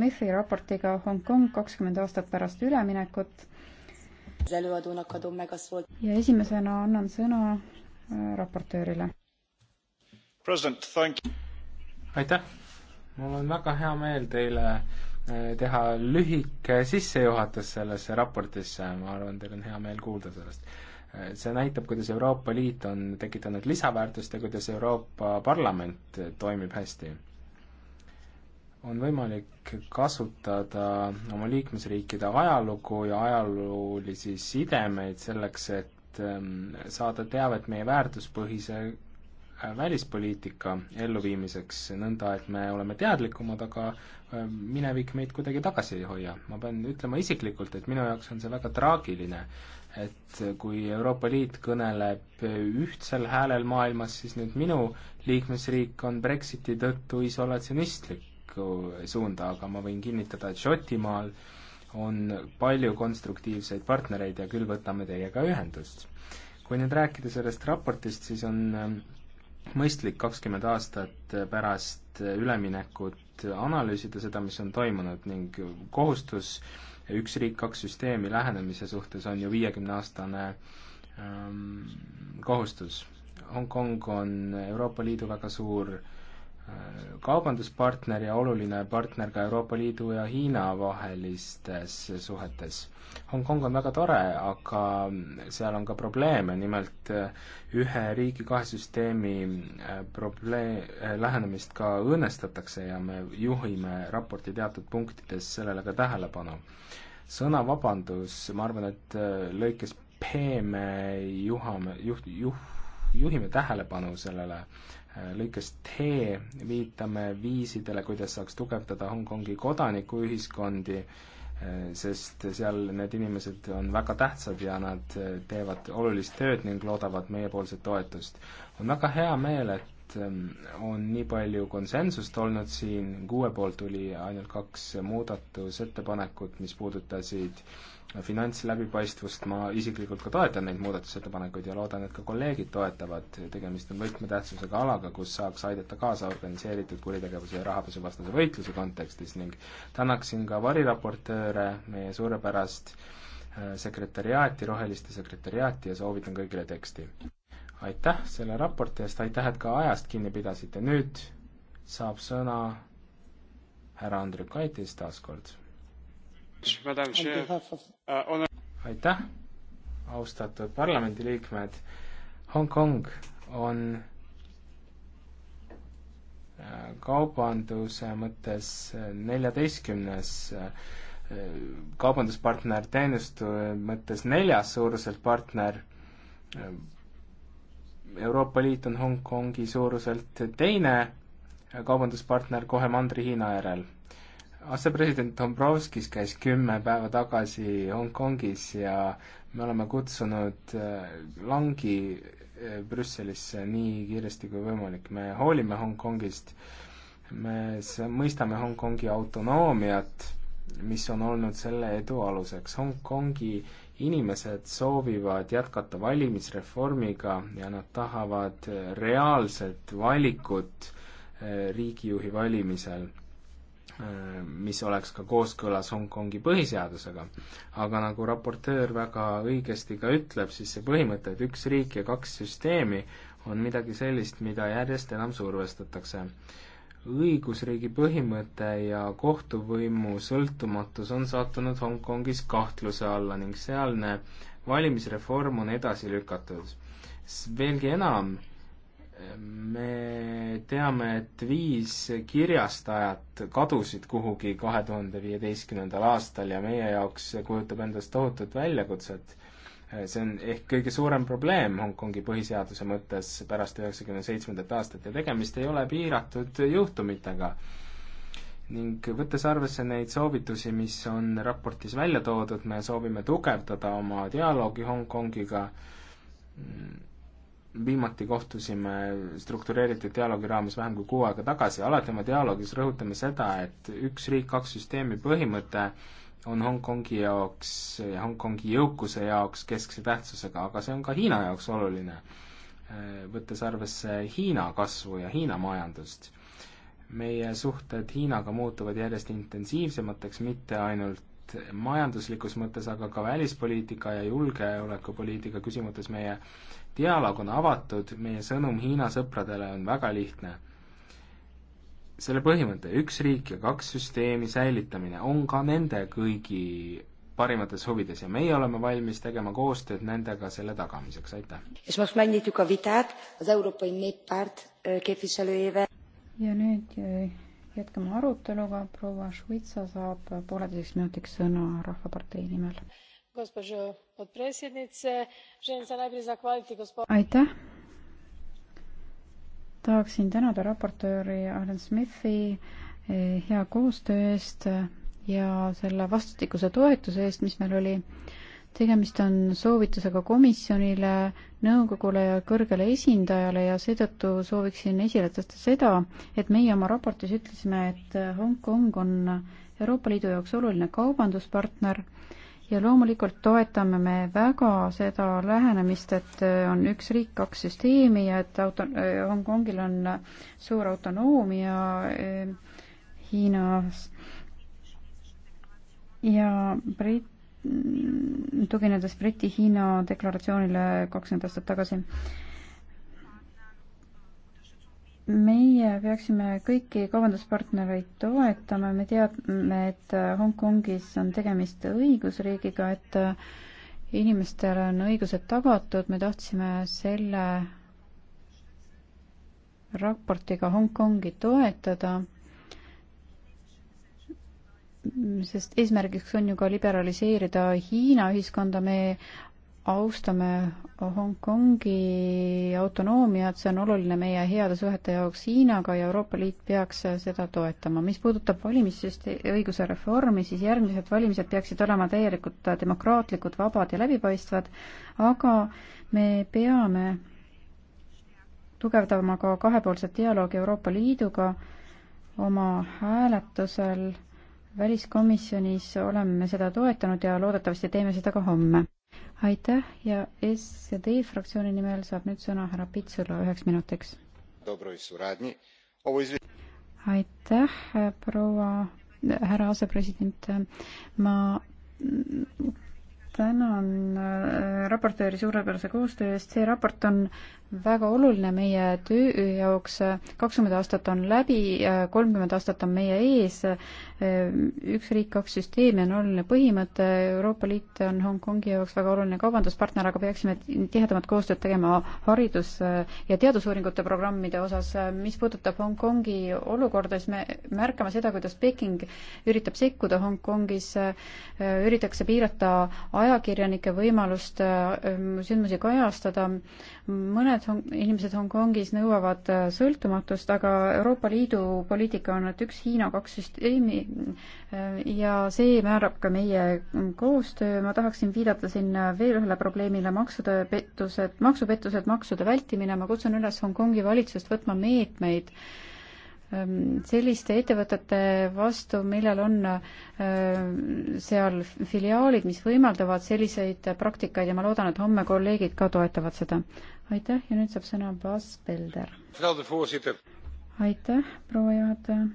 Smithi raportiga Hongkong kakskümmend aastat pärast üleminekut. ja esimesena annan sõna äh, raportöörile. aitäh, mul on väga hea meel teile äh, teha lühike sissejuhatus sellesse raportisse, ma arvan, teil on hea meel kuulda sellest äh, see näitab, kuidas Euroopa Liit on tekitanud lisaväärtust ja kuidas Euroopa Parlament toimib hästi on võimalik kasutada oma liikmesriikide ajalugu ja ajaloolisi sidemeid selleks, et ähm, saada teavet meie väärtuspõhise äh, välispoliitika elluviimiseks, nõnda et me oleme teadlikumad, aga äh, minevik meid kuidagi tagasi ei hoia. ma pean ütlema isiklikult, et minu jaoks on see väga traagiline, et kui Euroopa Liit kõneleb ühtsel häälel maailmas, siis nüüd minu liikmesriik on Brexiti tõttu isolatsionistlik tulevikku suunda, aga ma võin kinnitada, et Šotimaal on palju konstruktiivseid partnereid ja küll võtame teiega ühendust. kui nüüd rääkida sellest raportist, siis on ähm, mõistlik kakskümmend aastat pärast üleminekut analüüsida seda, mis on toimunud ning kohustus üks riik, kaks süsteemi lähenemise suhtes on ju viiekümneaastane ähm, kohustus. Hongkong on Euroopa Liidu väga suur äh, kaubanduspartner ja oluline partner ka Euroopa Liidu ja Hiina vahelistes suhetes. Hongkong on väga tore, aga seal on ka probleeme, nimelt äh, ühe riigi kahe süsteemi äh, probleem, äh, lähenemist ka õõnestatakse ja me juhime raporti teatud punktides sellele ka tähelepanu. sõna vabandus, ma arvan, et lõikes P me juhame, juht, juh-, juhime tähelepanu sellele äh, Äh, lõikes T viitame viisidele, kuidas saaks tugevdada Hongkongi kodanikuühiskondi, äh, sest seal need inimesed on väga tähtsad ja nad äh, teevad olulist tööd ning loodavad meiepoolset toetust. on väga hea meel, et et ähm, on nii palju konsensust olnud siin, kuue poolt tuli ainult kaks muudatusettepanekut, mis puudutasid finantsläbipaistvust, ma isiklikult ka toetan neid muudatusettepanekuid ja loodan, et ka kolleegid toetavad, tegemist on võtmetähtsusega alaga, kus saaks aidata kaasa organiseeritud kuritegevuse ja rahapesuvastase võitluse kontekstis ning tänaksin ka variraportööre meie suurepärast äh, sekretäriaati, roheliste sekretäriaati ja soovitan kõigile teksti aitäh selle raporti eest, aitäh, et ka ajast kinni pidasite, nüüd saab sõna härra Andrikaitis taas kord. Uh, aitäh, austatud parlamendiliikmed, Hongkong on äh, kaubanduse mõttes äh, neljateistkümnes äh, kaubanduspartner, teenuste mõttes neljas suuruselt partner, Euroopa Liit on Hongkongi suuruselt teine kaubanduspartner kohe Mandri-Hiina järel. asepresident Dombrovskis käis kümme päeva tagasi Hongkongis ja me oleme kutsunud äh, langi äh, Brüsselisse nii kiiresti kui võimalik, me hoolime Hongkongist, me mõistame Hongkongi autonoomiat, mis on olnud selle edu aluseks. Hongkongi äh, inimesed soovivad jätkata valimisreformiga ja nad tahavad äh, reaalset valikut äh, riigijuhi valimisel, äh, mis oleks ka kooskõlas Hongkongi põhiseadusega. aga nagu raportöör väga õigesti ka ütleb, siis see põhimõte, et üks riik ja kaks süsteemi, on midagi sellist, mida järjest enam survestatakse õigusriigi põhimõte ja kohtuvõimu sõltumatus on sattunud Hongkongis kahtluse alla ning sealne valimisreform on edasi lükatud. veelgi enam, me teame, et viis kirjastajat kadusid kuhugi kahe tuhande viieteistkümnendal aastal ja meie jaoks kujutab endast tohutut väljakutset Äh, see on ehk kõige suurem probleem Hongkongi põhiseaduse mõttes pärast üheksakümne seitsmendat aastat ja tegemist ei ole piiratud juhtumitega. ning võttes arvesse neid soovitusi, mis on raportis välja toodud, me soovime tugevdada oma dialoogi Hongkongiga, mm, viimati kohtusime struktureeritud dialoogi raames vähem kui kuu aega tagasi, alati oma dialoogis rõhutame seda, et üks riik, kaks süsteemi põhimõte on Hongkongi jaoks ja Hongkongi jõukuse jaoks keskse tähtsusega, aga see on ka Hiina jaoks oluline, võttes arvesse Hiina kasvu ja Hiina majandust. meie suhted Hiinaga muutuvad järjest intensiivsemateks, mitte ainult majanduslikus mõttes, aga ka välispoliitika ja julgeolekupoliitika küsimustes meie dialoog on avatud, meie sõnum Hiina sõpradele on väga lihtne selle põhimõte, üks riik ja kaks süsteemi säilitamine on ka nende kõigi parimates huvides ja meie oleme valmis tegema koostööd nendega selle tagamiseks, aitäh. ja nüüd jätkame aruteluga, proua Švitsa saab pooleteiseks minutiks sõna Rahvapartei nimel. aitäh, tahaksin tänada raportööri Alan Smithi eh, hea koostöö eest ja selle vastastikuse toetuse eest, mis meil oli. tegemist on soovitusega komisjonile, nõukogule ja kõrgele esindajale ja seetõttu sooviksin esile tõsta seda, et meie oma raportis ütlesime, et Hongkong on Euroopa Liidu jaoks oluline kaubanduspartner ja loomulikult toetame me väga seda lähenemist, et äh, on üks riik, kaks süsteemi ja et auto-, äh, Hongkongil on äh, suur autonoomia Hiinas ja Brit-, tuginedes Briti-Hiina deklaratsioonile kakskümmend aastat tagasi meie peaksime kõiki kaubanduspartnereid toetama, me teame, et Hongkongis on tegemist õigusriigiga, et inimestele on õigused tagatud, me tahtsime selle raportiga Hongkongi toetada, sest eesmärgiks on ju ka liberaliseerida Hiina ühiskonda, me austame Hongkongi autonoomiat, see on oluline meie heade suhete jaoks Hiinaga ja Euroopa Liit peaks seda toetama. mis puudutab valimissüste-, õiguse reformi, siis järgmised valimised peaksid olema täielikult demokraatlikud, vabad ja läbipaistvad, aga me peame tugevdama ka kahepoolset dialoogi Euroopa Liiduga oma hääletusel väliskomisjonis oleme seda toetanud ja loodetavasti teeme seda ka homme aitäh ja SD fraktsiooni nimel saab nüüd sõna härra Pitsula üheks minutiks. aitäh, proua härra asepresident, ma tänan äh, raportööri suurepärase koostöö eest, see raport on väga oluline meie töö jaoks, kakskümmend aastat on läbi, kolmkümmend aastat on meie ees, äh, üks riik, kaks süsteemi on oluline põhimõte, Euroopa Liit on Hongkongi jaoks väga oluline kaubanduspartner, aga peaksime tihedamat koostööd tegema haridus- ja teadusuuringute programmide osas. mis puudutab Hongkongi olukorda, siis me märkame seda, kuidas Peking üritab sekkuda Hongkongis, äh, üritatakse piirata ajakirjanike võimalust äh, ähm, sündmusi kajastada. mõned hong inimesed Hongkongis nõuavad äh, sõltumatust, aga Euroopa Liidu poliitika on, et üks Hiina, kaks süsteemi äh, ja see määrab ka meie koostöö. ma tahaksin viidata siin veel ühele probleemile, maksude pettused, maksupettused, maksude vältimine. ma kutsun üles Hongkongi valitsust võtma meetmeid meet Ehm, selliste ettevõtete vastu, millel on ehm, seal filiaalid, mis võimaldavad selliseid praktikaid ja ma loodan, et homme kolleegid ka toetavad seda. aitäh ja nüüd saab sõna Bas Belder. aitäh, proua juhataja.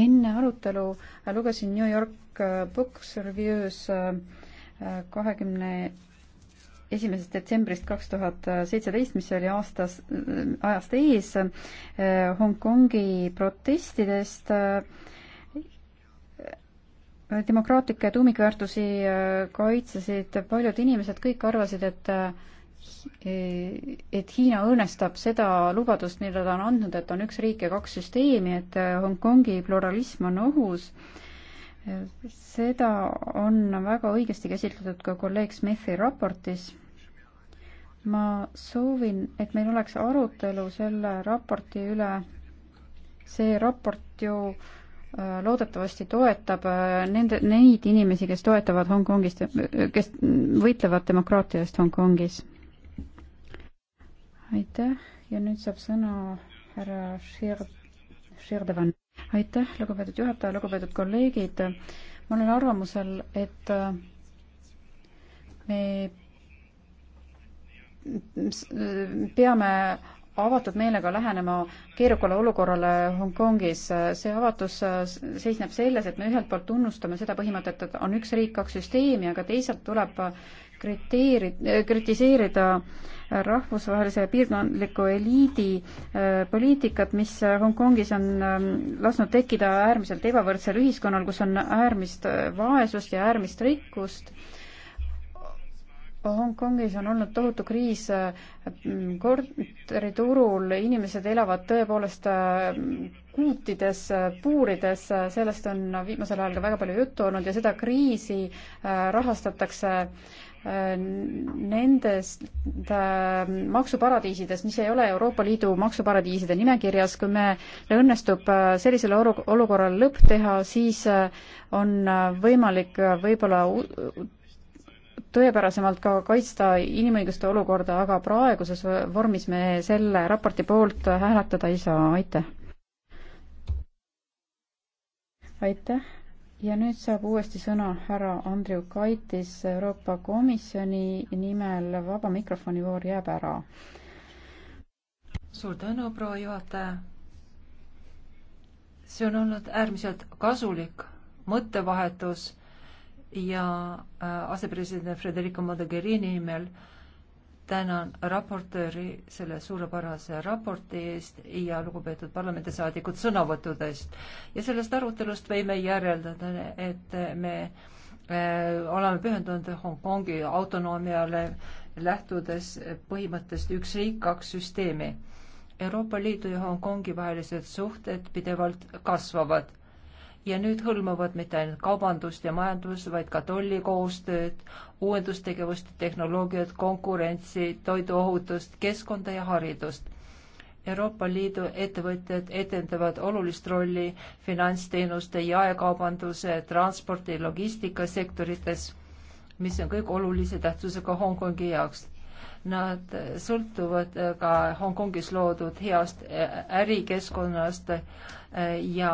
enne arutelu lugesin New York Books Reviews ehm, kahekümne 20 esimesest detsembrist kaks tuhat seitseteist, mis oli aastas, ajast ees eh, Hongkongi protestidest eh, demokraatlikke tuumikväärtusi eh, kaitsesid paljud inimesed, kõik arvasid, et et Hiina õõnestab seda lubadust, mille ta on andnud, et on üks riik ja kaks süsteemi, et Hongkongi pluralism on ohus äh, seda on väga õigesti käsitletud ka kolleeg Smithi raportis. ma soovin, et meil oleks arutelu selle raporti üle. see raport ju äh, loodetavasti toetab äh, nende, neid inimesi, kes toetavad Hongkongist, äh, kes võitlevad demokraatia eest Hongkongis. aitäh ja nüüd saab sõna härra Shir-, Shirdevan aitäh, lugupeetud juhataja, lugupeetud kolleegid. ma olen arvamusel, et me peame avatud meelega lähenema keerukale olukorrale Hongkongis. see avatus seisneb selles, et me ühelt poolt tunnustame seda põhimõtet, et on üks riik, kaks süsteemi, aga teisalt tuleb kriteeri-, kritiseerida rahvusvahelise piirkondliku eliidi äh, poliitikat, mis Hongkongis on ähm, lasknud tekkida äärmiselt ebavõrdsel ühiskonnal, kus on äärmist vaesust ja äärmist rikkust Hongkongis on olnud tohutu kriis äh, korteriturul, inimesed elavad tõepoolest äh, kuutides, äh, puurides, sellest on viimasel ajal ka väga palju juttu olnud ja seda kriisi rahastatakse nendest maksuparadiisidest, mis ei ole Euroopa Liidu maksuparadiiside nimekirjas, kui meil õnnestub sellisele olu-, olukorrale lõpp teha, siis on võimalik võib-olla tõepärasemalt ka kaitsta inimõiguste olukorda, aga praeguses vormis me selle raporti poolt hääletada ei saa, aitäh. aitäh ja nüüd saab uuesti sõna härra Andriu Kaitis Euroopa Komisjoni nimel, vaba mikrofoni voor jääb ära. suur tänu, proua juhataja. see on olnud äärmiselt kasulik mõttevahetus ja äh, asepresident Federica Mogherini nimel tänan raportööri selle suurepärase raporti eest ja lugupeetud parlamendisaadikud sõnavõttudest. ja sellest arutelust võime järeldada, et me äh, oleme pühendunud Hongkongi autonoomiale, lähtudes põhimõttest üks riik, kaks süsteemi. Euroopa Liidu ja Hongkongi vahelised suhted pidevalt kasvavad ja nüüd hõlmavad mitte ainult kaubandust ja majandust, vaid ka tollikoostööd, uuendustegevust, tehnoloogiat, konkurentsi, toiduohutust, keskkonda ja haridust. Euroopa Liidu ettevõtjad etendavad olulist rolli finantsteenuste, jaekaubanduse, transpordi, logistikasektorites, mis on kõik olulise tähtsusega Hongkongi jaoks Nad sõltuvad äh, ka Hongkongis loodud heast äh, ärikeskkonnast äh, ja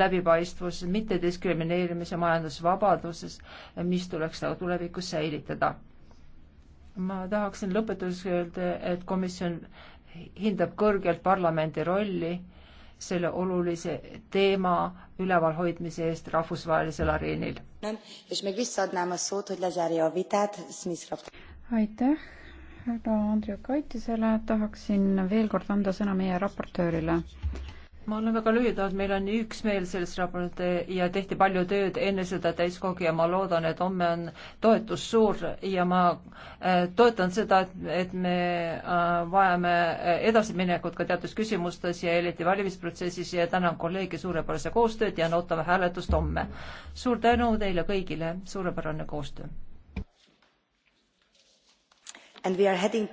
läbipaistvus, mittediskrimineerimise majandusvabaduses, mis tuleks nagu tulevikus säilitada. ma tahaksin lõpetuseks öelda, et komisjon hindab kõrgelt parlamendi rolli selle olulise teema ülevalhoidmise eest rahvusvahelisel areenil. aitäh härra Andriukaitisele tahaksin veel kord anda sõna meie raportöörile. ma olen väga lühidalt, meil on üksmeel selles raporti ja tehti palju tööd enne seda täiskogu ja ma loodan, et homme on toetus suur ja ma äh, toetan seda, et, et me äh, vajame äh, edasiminekut ka teatud küsimustes ja eriti valimisprotsessis ja tänan kolleegi suurepärase koostööd ja ootame hääletust homme. suur tänu teile kõigile, suurepärane koostöö and we are heading